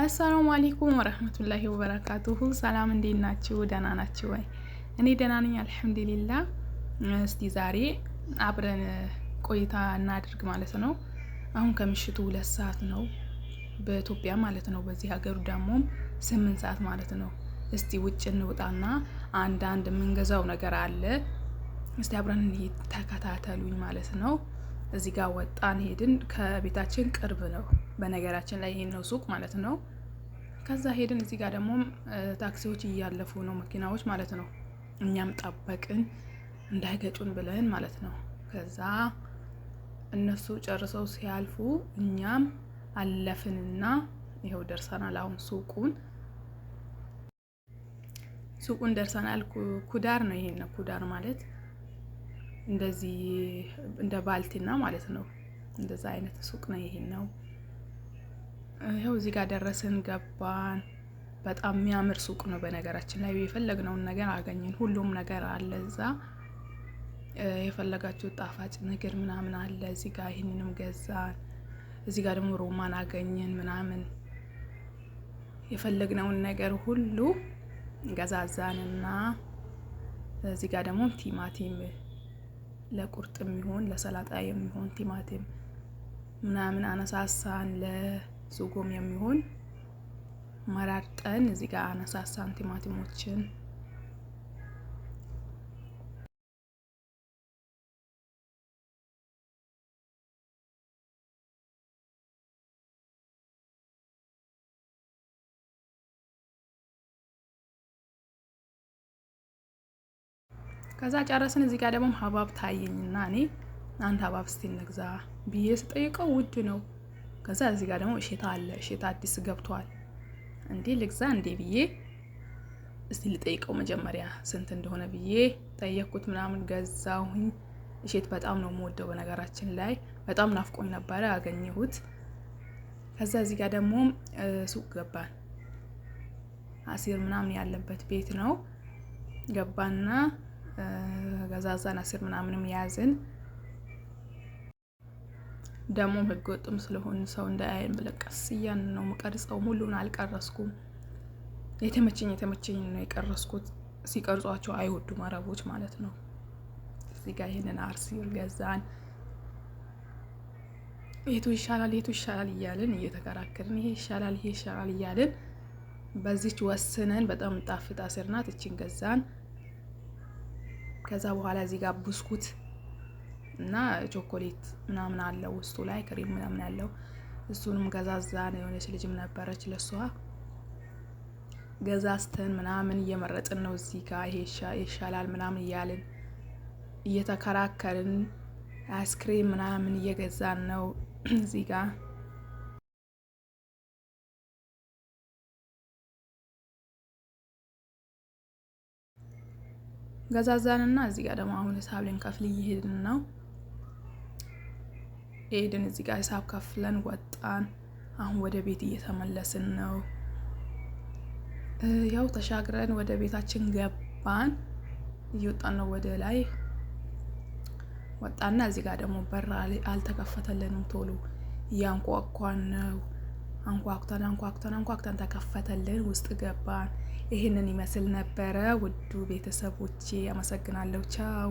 አሰላሙ አሌይኩም ወረህመቱላሂ ወበረካቱሁ። ሰላም እንዴት ናችሁ? ደህና ናችሁ ወይ? እኔ ደህና ነኝ አልሐምዱሊላ። እስቲ ዛሬ አብረን ቆይታ እናድርግ ማለት ነው። አሁን ከምሽቱ ሁለት ሰዓት ነው በኢትዮጵያ ማለት ነው። በዚህ ሀገሩ ደግሞ ስምንት ሰዓት ማለት ነው። እስቲ ውጭ እንውጣና አንዳንድ የምንገዛው ነገር አለ። እስቲ አብረን እንሄድ፣ ተከታተሉኝ ማለት ነው። እዚህ ጋር ወጣን ሄድን። ከቤታችን ቅርብ ነው በነገራችን ላይ ይሄን ነው ሱቅ ማለት ነው። ከዛ ሄድን። እዚህ ጋር ደግሞ ታክሲዎች እያለፉ ነው መኪናዎች ማለት ነው። እኛም ጠበቅን እንዳይገጩን ብለን ማለት ነው። ከዛ እነሱ ጨርሰው ሲያልፉ እኛም አለፍንና ይኸው ደርሰናል። አሁን ሱቁን ሱቁን ደርሰናል። ኩዳር ነው ይሄን ነው ኩዳር ማለት እንደዚህ እንደ ባልቲና ማለት ነው። እንደዛ አይነት ሱቅ ነው። ይሄን ነው ይኸው እዚህ ጋር ደረስን፣ ገባን። በጣም የሚያምር ሱቅ ነው። በነገራችን ላይ የፈለግነውን ነገር አገኘን። ሁሉም ነገር አለ እዛ። የፈለጋችሁት ጣፋጭ ነገር ምናምን አለ እዚህ ጋር። ይህንንም ገዛን። እዚህ ጋር ደግሞ ሮማን አገኘን ምናምን። የፈለግነውን ነገር ሁሉ ገዛዛንና እዚህ ጋር ደግሞ ቲማቲም ለቁርጥ የሚሆን ለሰላጣ የሚሆን ቲማቲም ምናምን አነሳሳን፣ ለስጎም የሚሆን መራርጠን እዚህ ጋር አነሳሳን ቲማቲሞችን ከዛ ጨረስን። እዚህ ጋር ደግሞ ሀባብ ታየኝና እኔ አንድ ሀባብ ስቲ እንግዛ ብዬ ስጠይቀው ውድ ነው። ከዛ እዚህ ጋር ደግሞ እሼታ አለ። እሼታ አዲስ ገብቷል። እንዴ ልግዛ እንዴ ብዬ እስቲ ልጠይቀው መጀመሪያ ስንት እንደሆነ ብዬ ጠየቅኩት። ምናምን ገዛሁኝ። እሼት በጣም ነው የምወደው። በነገራችን ላይ በጣም ናፍቆኝ ነበረ አገኘሁት። ከዛ እዚህ ጋር ደግሞ ሱቅ ገባን። አሲር ምናምን ያለበት ቤት ነው ገባና ጋዛዛን አስር ምናምንም ያዝን። ደግሞ ህገወጥም ስለሆን ሰው እንዳያይን ብለህ ቀስ እያን ነው የምቀርጸው። ሙሉን አልቀረስኩም። የተመቸኝ የተመቸኝ ነው የቀረስኩት። ሲቀርጿቸው አይወዱም አረቦች ማለት ነው። እዚህ ጋር ይህንን አርሲር ገዛን። የቱ ይሻላል የቱ ይሻላል እያልን እየተከራከርን ይሄ ይሻላል ይሄ ይሻላል እያልን በዚች ወስነን በጣም ጣፍጣ ስርናት እችን ገዛን። ከዛ በኋላ እዚህ ጋር ብስኩት እና ቾኮሌት ምናምን አለው ውስጡ ላይ ክሬም ምናምን ያለው እሱንም ገዛዛ ነው። የሆነች ልጅም ነበረች ለእሷ ገዛዝተን ምናምን እየመረጥን ነው እዚህ ጋር ይሄ ይሻላል ምናምን እያልን እየተከራከርን አይስክሪም ምናምን እየገዛን ነው እዚህ ጋር ገዛዛንና እዚህ ጋር ደግሞ አሁን ሂሳብ ልንከፍል እየሄድን ነው። ሄድን እዚህ ጋር ሂሳብ ከፍለን ወጣን። አሁን ወደ ቤት እየተመለስን ነው። ያው ተሻግረን ወደ ቤታችን ገባን። እየወጣን ነው ወደ ላይ ወጣና እዚህ ጋር ደግሞ በር አልተከፈተልንም። ቶሎ እያንኳኳን ነው። አንኳኩተን አንኳኩተን አንኳኩተን ተከፈተልን። ውስጥ ገባን። ይህንን ይመስል ነበረ። ውዱ ቤተሰቦቼ አመሰግናለሁ። ቻው